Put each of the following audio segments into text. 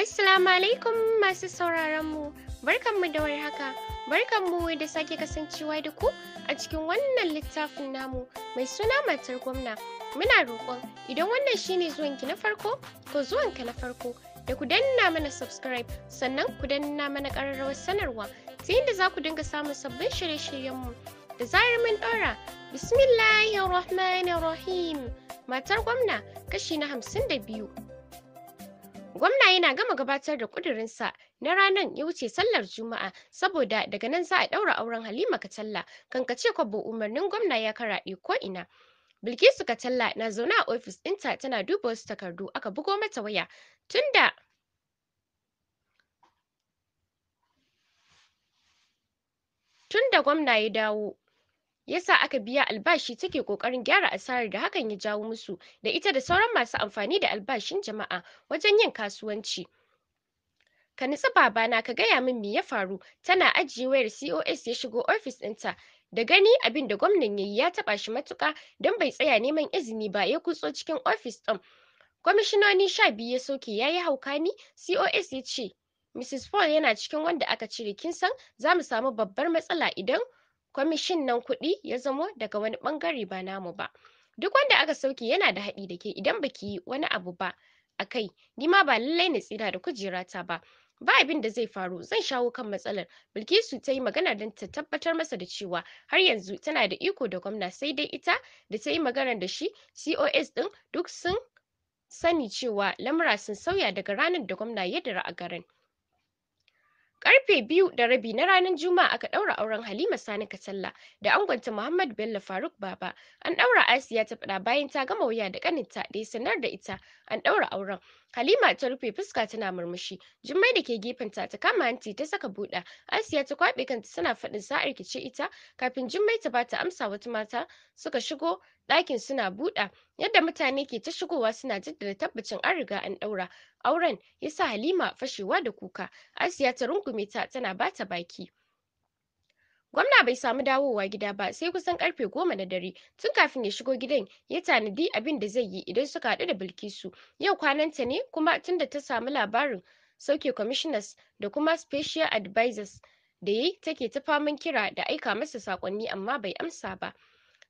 Assalamu alaikum masu sauraronmu, barkanmu da warhaka, barkanmu da sake kasancewa da ku a cikin wannan littafin namu mai suna matar gwamna. Muna roƙon idan wannan shine zuwanki na farko, to zuwanka na farko da ku danna mana subscribe sannan ku danna mana ƙararrawar sanarwa ta yadda za ku dinga samun sabbin shirye-shiryenmu da zarar mun ɗora. Bismillahirrahmanirrahim. Matar gwamna kashi na hamsin da biyu. Gwamna yana gama gabatar da ƙudurinsa na ranar ya wuce sallar Juma'a saboda daga nan za a ɗaura auren Halima Katalla kankace kwabo umarnin gwamna ya karaɗe ko ina. Bilkisu Katalla na zaune a ofis ɗinta tana duba wasu takardu aka bugo mata waya tunda tun gwamna ya dawo yasa aka biya albashi take kokarin gyara asarar da hakan ya jawo musu da ita da sauran masu amfani da albashin jama'a wajen yin kasuwanci ka nisa babana ka gaya min me ya faru tana ajiye wayar cos ya shigo ofis ɗinta da gani abin da gwamnan yayi ya taɓa shi matuƙa don bai tsaya neman izini ba ya kutso cikin ofis ɗin kwamishinoni sha biyu ya soke ya yi hauka ni cos ya ce mrs paul yana cikin wanda aka cire kin san za mu samu babbar matsala idan kwamishin nan kuɗi ya zamo daga wani ɓangare ba namu ba duk wanda aka sauke yana da haɗi da ke idan baki yi wani abu ba a kai ni ma ba lallai na tsira da kujerata ba ba abin da zai faru zan shawo kan matsalar bilkisu ta yi magana don ta tabbatar masa da cewa har yanzu tana da iko da gwamna sai dai ita da ta yi magana da shi cos ɗin duk sun sani cewa lamura sun sauya daga ranar da gwamna ya dira a garin Karfe biyu da rabi na ranar Juma'a aka ɗaura auren Halima Sani Katsalla da angonta Muhammad Bello Faruk Baba. An ɗaura Asiya ta faɗa bayan ta gama wuya da ƙaninta da ya sanar da ita an ɗaura auren. Halima ta rufe fuska tana murmushi. Jummai da ke gefenta ta kama hanci ta saka buɗa. Asiya ta kwaɓe kanta tana faɗin sa'a rikice ita kafin Jummai ta bata amsa wata mata suka shigo ɗakin suna buɗa yadda mutane ke ta shigowa suna jaddada tabbacin an riga an ɗaura. Auren ya sa Halima fashewa da kuka. Asiya ta rungu rungume ta tana bata baki Gwamna bai samu dawowa gida ba sai kusan karfe goma na dare tun kafin ya shigo gidan ya tanadi abin da zai yi idan suka haɗu da Bilkisu. Yau kwananta ne kuma tun da ta samu labarin sauke commissioners da kuma special advisers da yi take ta faman kira da aika masa sakonni amma bai amsa ba.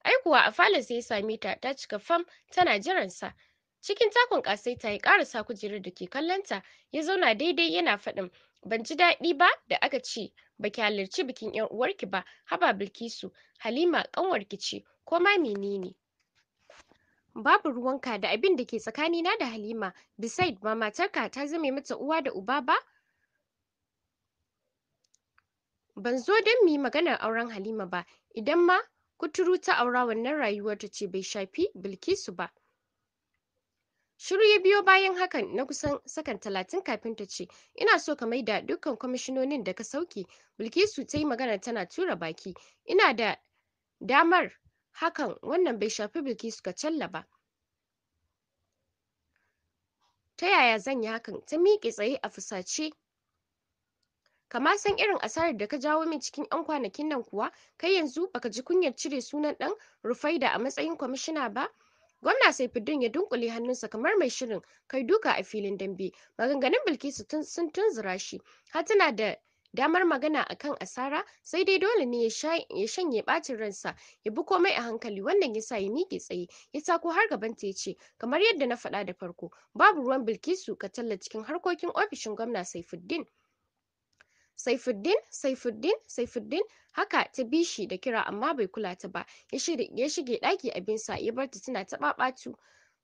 Aikuwa a falon sai ya same ta ta cika fam tana jiransa. Cikin takon ƙasai ta ya ƙarasa kujerar da ke kallonta ya zauna daidai yana faɗin Ban ji daɗi ba da aka ce ba ki halarci bikin 'yar uwarki ba, haba Bilkisu, Halima ƙanwarki ce ko ma mene ne. Babu ruwanka da abin da ke tsakanina da Halima, Beside ba matarka ta zame mata uwa da uba ba? Ban zo don mu yi maganar auren Halima ba, idan ma kuturu ta aura wannan rayuwar ta ce bai shafi Bilkisu ba. Shiru ya biyo bayan hakan na kusan sakan talatin kafin ta ce, Ina so ka maida dukkan kwamishinonin da ka sauke, Bilkisu ta yi magana tana tura baki, ina da damar hakan wannan bai shafi Bilkisu ka challa ba. Ta yaya zan yi hakan? Ta miƙe tsaye a fusace kama san irin asarar da ka jawo min cikin 'yan kwanakin nan kuwa kai yanzu baka ji kunyar cire sunan ɗan rufaida a matsayin kwamishina ba Gwamna Saifuddin ya dunkule hannunsa kamar mai shirin kai duka a filin dambe. Maganganun Bilkisu sun tunzura shi, har tana da damar magana a kan asara sai dai dole ne ya shanye bacin ransa ya bi komai a hankali wannan yasa ya miƙe tsaye ya tako har gaban ta ya ce kamar yadda na faɗa da farko babu ruwan Bilkisu ka talla cikin harkokin ofishin gwamna Saifuddin Saifuddin, Saifuddin, Saifuddin, haka ta bi shi da kira amma bai kula ta ba, ya shige ɗaki sa ya bar ta tana ta ɓaɓatu.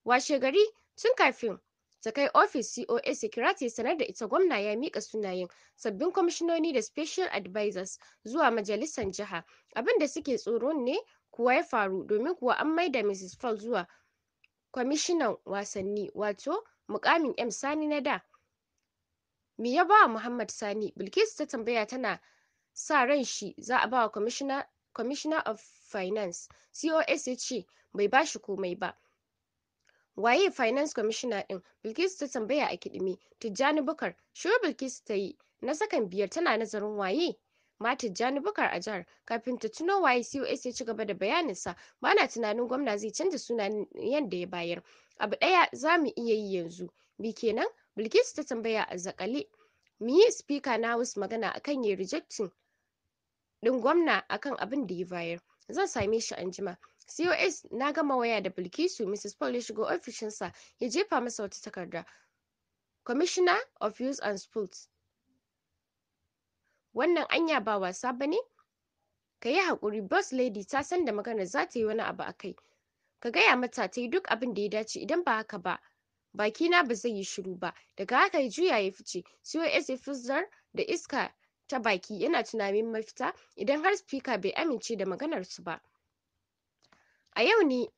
Washe gari tun kafin ta kai ofis cos COA Security sanar da ita gwamna ya miƙa sunayen sabbin kwamishinoni da special advisers zuwa majalisar jiha. Abin da suke tsoro ne kuwa ya faru domin kuwa an maida Mrs. Fall zuwa kwamishinan wasanni wato mukamin M Sani na da. Me ya ba Muhammad Sani? Bilkisu ta tambaya tana sa ran shi za a ba wa Commissioner, of Finance. COS ya ce bai ba shi komai ba. Waye Finance Commissioner ɗin? Bilkisu ta tambaya a kiɗime. Tijjani Bukar, shiru Bilkisu ta yi na sakan biyar tana nazarin waye ma Tijjani Bukar a jihar kafin ta tuno waye COS ya ci gaba da bayaninsa ba na tunanin gwamna zai canza sunan yadda ya bayar. Abu ɗaya za mu iya yi yanzu bi kenan bilkisu ta tambaya a zakale yi speaker na house magana akan yi rejecting din gwamna akan abin da ya bayar zan same shi anjima cos na gama waya da bilkisu mrs paul ya shigo ofishinsa ya jefa masa wata takarda commissioner of youth and sports wannan anya ba wasa ba ne ka yi haƙuri boss lady ta san da maganar za ta yi wani abu a kai ka gaya mata ta yi duk abin da ya dace idan ba haka ba bakina ba zai yi shiru ba daga haka ya juya ya fice cos ya fuzzar da iska ta baki yana tunanin mafita idan har spika bai amince da maganar su ba a yau ne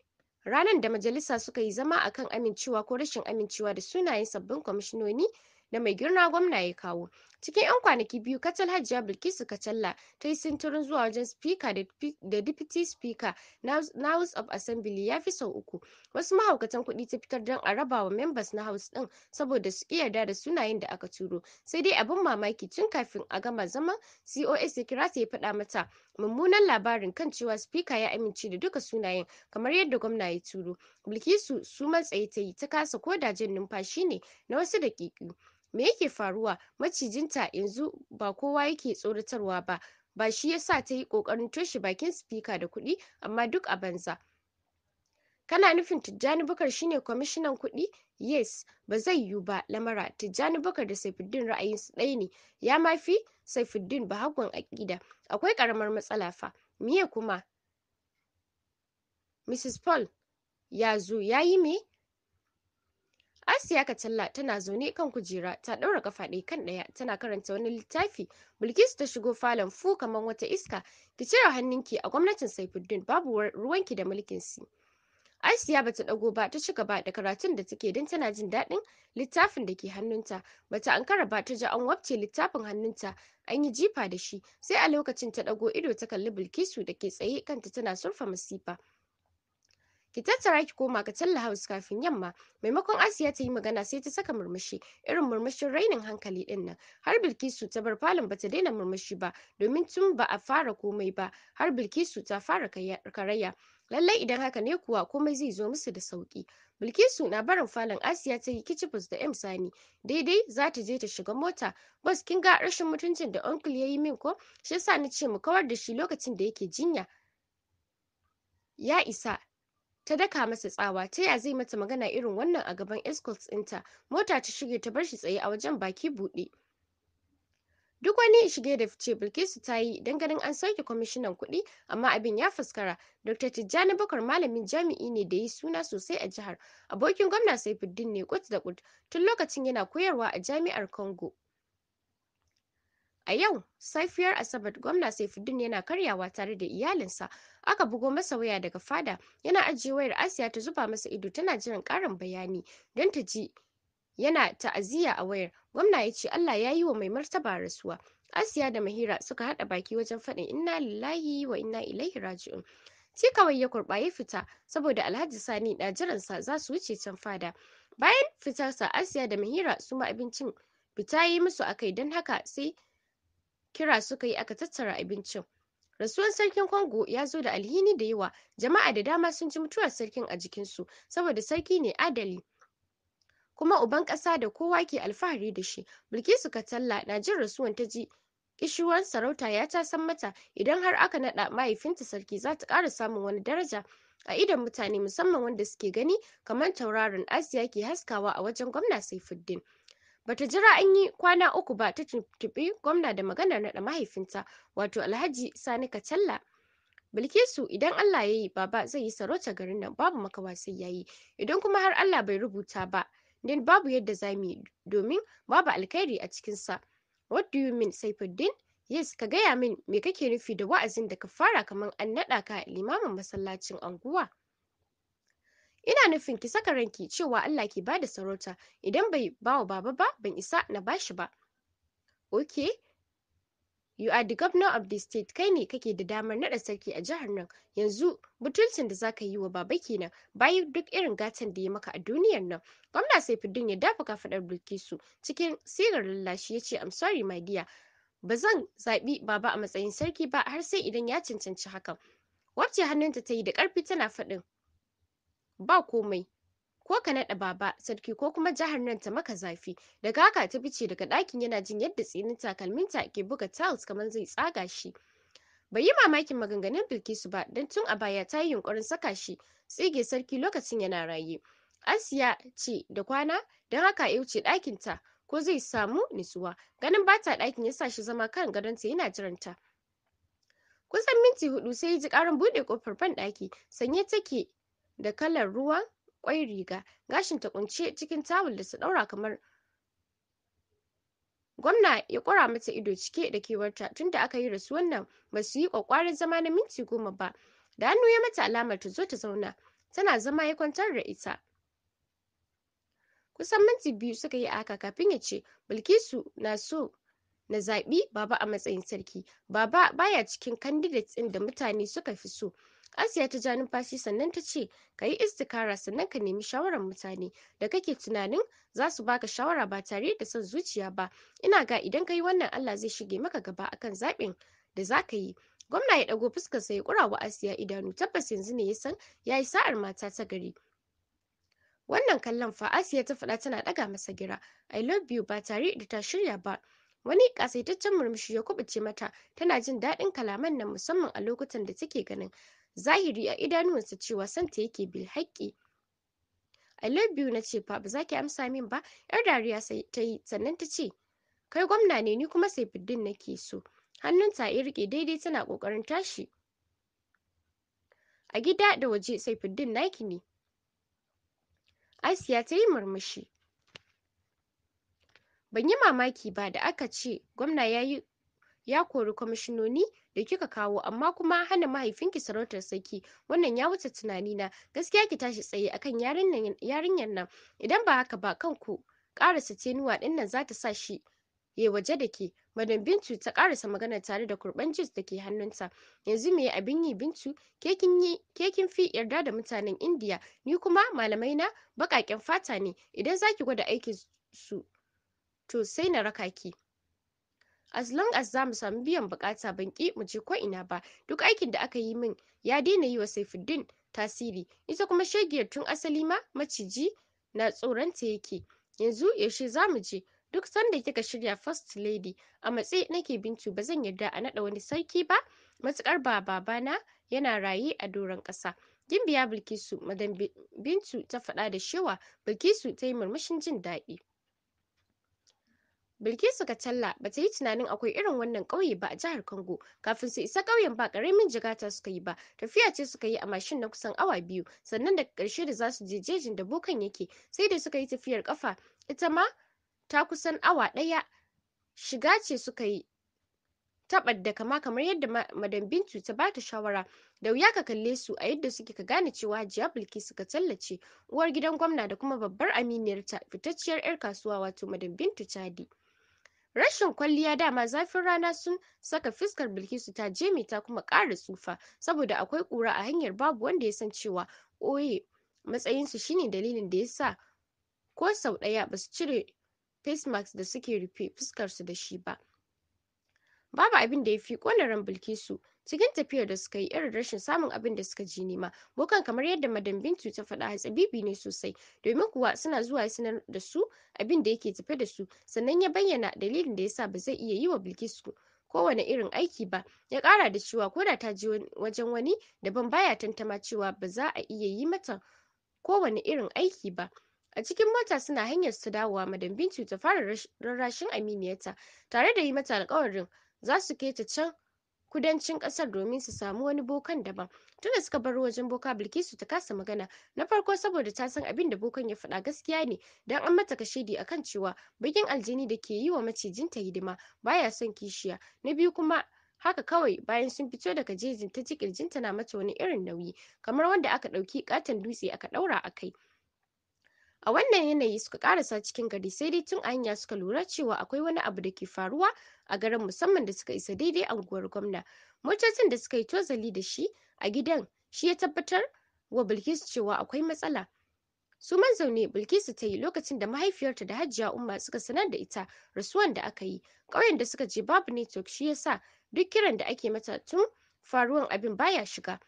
ranar da majalisa suka yi zama akan amincewa ko rashin amincewa da sunayen sabbin kwamishinoni da mai girma gwamna ya kawo cikin 'yan kwanaki biyu kacal hajiya bilkisu kacalla ta yi sintirin zuwa wajen speaker da deputy speaker na house of assembly ya fi sau uku wasu mahaukatan kuɗi ta fitar don a raba wa members na house ɗin saboda su iya da sunayen da aka turo sai dai abin mamaki tun kafin a gama zaman cos ya kira ta ya faɗa mata mummunan labarin kan cewa speaker ya amince da duka sunayen kamar yadda gwamna ya turo bilkisu su matsayi ta yi ta kasa ko da jin numfashi ne na wasu daƙiƙu me yake faruwa macijinta yanzu ba kowa yake tsoratarwa ba ba shi yasa ta yi ƙoƙarin toshe bakin sifika da kuɗi amma duk a banza kana nufin tijjani bukar shine kwamishinan kuɗi yes ba zai yiwu ba lamara tijjani Bakar da saifuddin ra'ayinsu ɗaya ne ya ma fi saifuddin bahagon aƙida akwai ƙaramar matsala fa miye kuma mrs paul ya zo ya yi me Asiya Kacalla tana zaune kan kujera ta ɗaura kafa ɗaya kan ɗaya tana karanta wani littafi. Bilkisu ta shigo falon fu kamar wata iska. Ki cire hannunki a gwamnatin Saifuddin babu ruwanki da mulkin si. Asiya bata ɗago ba ta ci gaba da karatun da take don tana jin daɗin littafin da ke hannunta. Bata ankara ba ta ji an wabce littafin hannunta an yi jifa da shi sai a lokacin ta ɗago ido ta kalli Bilkisu da ke tsaye kanta tana surfa masifa. ki tattara ki koma ka talla house kafin yamma maimakon asiya ta yi magana sai ta saka murmushi irin murmushin rainin hankali din nan har bilkisu ta bar falon ba ta daina murmushi ba domin tun ba a fara komai ba har bilkisu ta fara karaya lallai idan haka ne kuwa komai zai zo musu da sauki bilkisu na barin falon asiya ta yi kicibus da m sani daidai za ta je ta shiga mota bas kin ga rashin mutuncin da uncle ya yi min ko shi yasa ni ce mu kawar da shi lokacin da yake jinya ya isa ta daka masa tsawa ta ya zai mata magana irin wannan a gaban escorts ɗinta mota ta shige ta bar shi tsaye a wajen baki buɗe duk wani shige da fice bilkisu ta yi don ganin an sauke kwamishinan kuɗi amma abin ya fuskara dr tijjani bakar malamin jami'i ne da yi suna sosai a jihar abokin gwamna saifuddin ne kut da kut tun lokacin yana koyarwa a jami'ar congo A yau, safiyar Asabar, Gwamna Saifuddin yana karyawa tare da iyalinsa. Aka bugo masa waya daga fada, yana ajiye wayar Asiya ta zuba masa ido tana jiran ƙarin bayani don ta ji yana ta'aziyya a wayar. Gwamna ya ce Allah ya yi wa mai martaba rasuwa. Asiya da Mahira suka haɗa baki wajen faɗin inna lillahi wa inna ilaihi raji'un. Sai kawai ya kurɓa ya fita saboda Alhaji Sani na jiransa za su wuce can fada. Bayan fitarsa Asiya da Mahira su ma abincin fita yi musu kai don haka sai kira suka yi aka tattara abincin rasuwan sarkin Kongo ya zo da alhini da yawa jama'a da dama sun ji mutuwar sarkin a jikinsu saboda sarki ne adali kuma uban ƙasa da kowa ke alfahari da shi bilkisu katalla na jin rasuwan ta ji kishuwar sarauta ya ta san mata idan har aka naɗa mahaifinta sarki za ta ƙara samun wani daraja a idon mutane musamman wanda suke gani kamar tauraron asiya ke haskawa a wajen gwamna saifuddin bata jira an yi kwana uku ba ta tuntuɓi gwamna da maganar naɗa mahaifinta wato Alhaji Sani Kacalla. Bilkisu idan Allah ya yi baba zai yi sarauta garin nan babu makawa sai ya yi idan kuma har Allah bai rubuta ba din babu yadda za mu yi domin babu alkhairi a cikinsa. What do you mean Saifuddin? Yes, ka gaya min me kake nufi da wa'azin da ka fara kamar an naɗa ka limamin masallacin anguwa. ina nufin ki saka ranki cewa Allah ke da sarauta idan bai ba wa baba ba ban isa na bashi ba ok you are the governor of the state kai ne kake da damar nada sarki a jihar nan yanzu butulcin da zaka yi wa baba kenan bayan duk irin gatan da ya maka a duniyar nan gwamna sai fidin ya dafa kafadar bilkisu cikin sirar lallashi ya ce i'm sorry my dear ba zan zaɓi baba a matsayin sarki ba har sai idan ya cancanci hakan wacce hannunta ta yi da ƙarfi tana faɗin ba komai ko ka naɗa baba sarki ko kuma jahar nan ta maka zafi daga haka ta fice daga ɗakin yana jin yadda tsinin takalminta ke buga tiles kamar zai tsaga shi bai yi mamakin maganganun bilkisu ba don tun a baya ta yi yunkurin saka shi tsige sarki lokacin yana raye asiya ce da kwana don haka ya wuce ta ko zai samu nutsuwa ganin bata ɗakin ya sa shi zama kan gadonta yana jiranta kusan minti huɗu sai ji karin buɗe kofar ban ɗaki sanye take da kalar ruwan ƙwai riga gashin ta kunce cikin tawul da ta ɗaura kamar gwamna ya ƙura mata ido cike da kewarta tunda aka yi rasu wannan ba su yi ƙwaƙwarin zama na minti goma ba da hannu ya mata alamar ta zo ta zauna tana zama ya kwantar da ita kusan minti biyu suka yi a haka kafin ya ce bilkisu na so na zaɓi baba a matsayin sarki baba baya cikin candidates ɗin da mutane suka fi so Asiya ta ja numfashi sannan ta ce, "Ka yi istikara sannan ka nemi shawarar mutane da kake tunanin za su baka shawara ba tare da son zuciya ba. Ina ga idan ka yi wannan Allah zai shige maka gaba akan zaɓin da za ka yi." Gwamna ya ɗago sa ya ƙura wa Asiya idanu tabbas yanzu ne ya san ya yi sa'ar mata ta gari. Wannan kallon fa Asiya ta faɗa tana ɗaga masa gira. I love you ba tare da ta shirya ba. Wani ƙasaitaccen murmushi ya kubuce mata, tana jin daɗin kalaman nan musamman a lokutan da take ganin zahiri a idanuwansa cewa santa yake bil haƙƙi I love na ce fa ba za ki amsa min ba yar dariya sai ta yi sannan ta ce kai gwamna ne ni kuma saifiddin nake so Hannun ta ya riƙe daidai tana ƙoƙarin tashi a gida da waje fiddin naki ne asiya ta yi murmushi ban yi mamaki ba da aka ce gwamna ya yi ya kori kwamishinoni da kika kawo amma kuma hana mahaifinki sarautar sarki wannan ya wuce tunani na gaskiya ki tashi tsaye akan yarinyar nan idan ba haka ba kanku karasa tenuwa din nan za sa shi ya waje da ke madam bintu ta karasa magana tare da kurban jis da ke hannunta yanzu me abin yi bintu ke kin fi yarda da mutanen indiya ni kuma malamai na baƙaƙen fata ne idan zaki gwada aikin su to sai na raka ki as long as zamu samu biyan bukata ban ki mu je ko ina ba duk aikin da aka yi min ya daina yi wa saifuddin tasiri ita kuma shegiyar tun asali ma maciji na tsoronta yake yanzu yaushe zamu je duk sanda kika shirya first lady a matse nake bintu ba zan yarda a naɗa wani sarki ba matukar ba babana yana raye a doron ƙasa gimbiya bilkisu madam bintu ta faɗa da shewa bilkisu ta yi murmushin jin daɗi Bilkisu katalla ba ta yi tunanin akwai irin wannan ƙauye ba a jihar kongo Kafin su isa ƙauyen ba ƙaramin jigata suka yi ba, tafiya ce suka yi a mashin na kusan awa biyu, sannan daga ƙarshe da za su je jejin da bokan yake, sai da suka yi tafiyar ƙafa, ita ma ta kusan awa ɗaya. Shiga ce suka yi taɓar da kama kamar yadda madam Bintu ta ba ta shawara da wuya ka kalle su a yadda suke ka gane cewa Hajiya Bilkisu katalla ce uwar gidan gwamna da kuma babbar aminiyarta fitacciyar 'yar kasuwa wato madam Bintu Chadi. Rashin kwalliya dama zafin rana sun saka fuskar Bilkisu ta jeme ta kuma ƙara tsufa, saboda akwai ƙura a hanyar babu wanda ya san cewa oye matsayinsu shi ne dalilin da ya sa ko sau ɗaya ba su cire mask da suke rufe fuskarsu da shi ba. Babu abinda da ya fi ƙona ran Bilkisu cikin tafiyar da suka yi irin rashin samun abin da suka ji nema bokan kamar yadda madam bintu ta faɗa bibi ne sosai domin kuwa suna zuwa ya sanar da su abin da yake tafe da su sannan ya bayyana dalilin da yasa ba zai iya yi wa bilkisu kowane irin aiki ba ya ƙara da cewa ko da ta je wajen wani daban baya tantama cewa ba za a iya yi mata kowane irin aiki ba a cikin mota suna hanyar su dawowa madam bintu ta fara rarrashin aminiyarta tare da yi mata alƙawarin za su kai ta can kudancin kasar domin su samu wani bokan daban tunda suka bar wajen boka bilkisu ta kasa magana na farko saboda ta san abin da bokan ya faɗa gaskiya ne dan an mata kashedi akan cewa bakin aljini da ke yi wa macijinta hidima baya son kishiya na biyu kuma haka kawai bayan sun fito daga jejin ta ji kirjinta na mata wani irin nauyi kamar wanda aka ɗauki katon dutse aka ɗaura a kai a wannan yanayi suka karasa cikin gari sai dai tun a hanya suka lura cewa akwai wani abu da ke faruwa a garin musamman da suka isa daidai anguwar gwamna motocin da suka yi tozali da shi a gidan shi ya tabbatar wa bilkisu cewa akwai matsala su manzaune, bilkisu ta yi lokacin da mahaifiyarta da hajiya umma suka sanar da ita rasuwan da aka yi ƙauyen da suka je babu network shi yasa duk kiran da ake mata tun faruwan abin baya shiga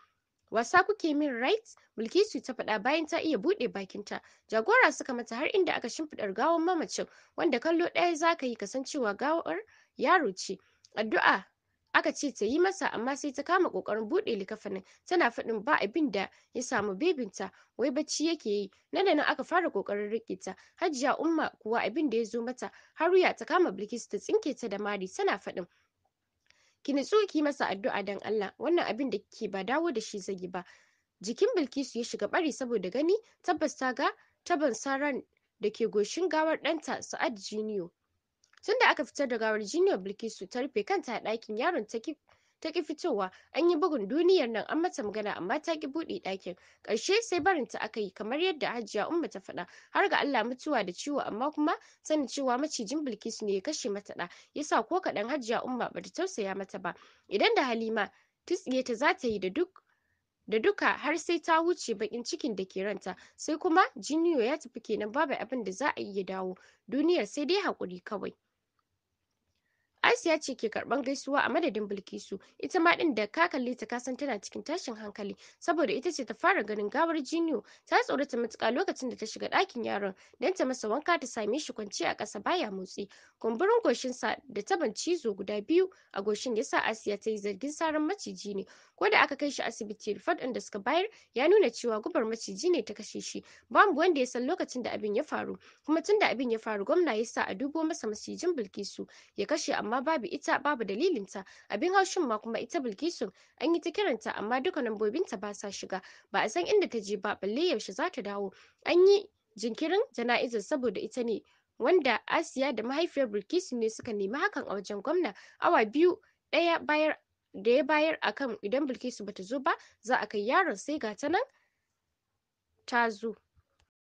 wasa kuke min right bilkisu ta faɗa bayan ta iya buɗe bakinta jagora suka mata har inda aka shimfiɗa gawon mamacin wanda kallo ɗaya za ka yi kasancewa gawar yaro ce addu'a aka ce ta yi masa amma sai ta kama kokarin buɗe likafanin tana faɗin ba abin da ya samu bibinta wai bacci yake yi nan da nan aka fara kokarin rike ta hajiya umma kuwa abin da ya zo mata haruya ta kama bilkisu ta tsinke ta da mari tana faɗin ki nutsu ki masa addu'a dan Allah wannan abin da kike ba dawo da shi zai ba jikin Bilkisu ya shiga bari saboda gani tabbas ta ga taban saran da ke goshin gawar ɗanta Sa'ad Jiniyo tunda aka fitar da gawar Jiniyo Bilkisu ta rufe kanta a ɗakin yaron ta ta ki fitowa an yi bugun duniyar nan an mata magana amma ta ki buɗe ɗakin ƙarshe sai barinta aka yi kamar yadda hajiya umma ta faɗa har ga Allah mutuwa da ciwo amma kuma sanin cewa macijin Bilkisu ne ya kashe mata ɗa yasa ko kaɗan hajiya umma bata tausaya mata ba idan da Halima tsiye ta za ta yi da duk da duka har sai ta wuce bakin cikin da ke ranta sai kuma jiniyo ya tafi kenan babu abin da za a yi ya dawo duniyar sai dai haƙuri kawai Asiya ce ke karban gaisuwa a madadin Bilkisu ita ma din da ka kalle ta kasan tana cikin tashin hankali saboda ita ce ta fara ganin gawar Jiniyo ta tsorata matuƙa lokacin da ta shiga ɗakin yaron dan ta masa wanka ta same shi kwance a ƙasa baya motsi kumburin sa da taban cizo guda biyu a goshin yasa Asiya ta yi zargin saran maciji ne ko da aka kai shi asibiti Rifat ɗin da suka bayar ya nuna cewa gubar maciji ne ta kashe shi babu wanda ya san lokacin da abin ya faru kuma tun da abin ya faru gwamna ya sa a dubo masa macijin Bilkisu ya kashe amma babu ita babu dalilinta abin haushin ma kuma ita Bilkisu? an yi ta kiranta amma duka lambobinta ba sa shiga ba a san inda ta je ba balle yaushe za ta dawo an yi jinkirin jana'izar saboda ita ne wanda asiya da mahaifiyar bilkisu ne suka nemi hakan a wajen gwamna awa biyu ɗaya bayar da ya bayar akan idan bilkisu bata zo ba za a kai yaron sai gata nan ta zo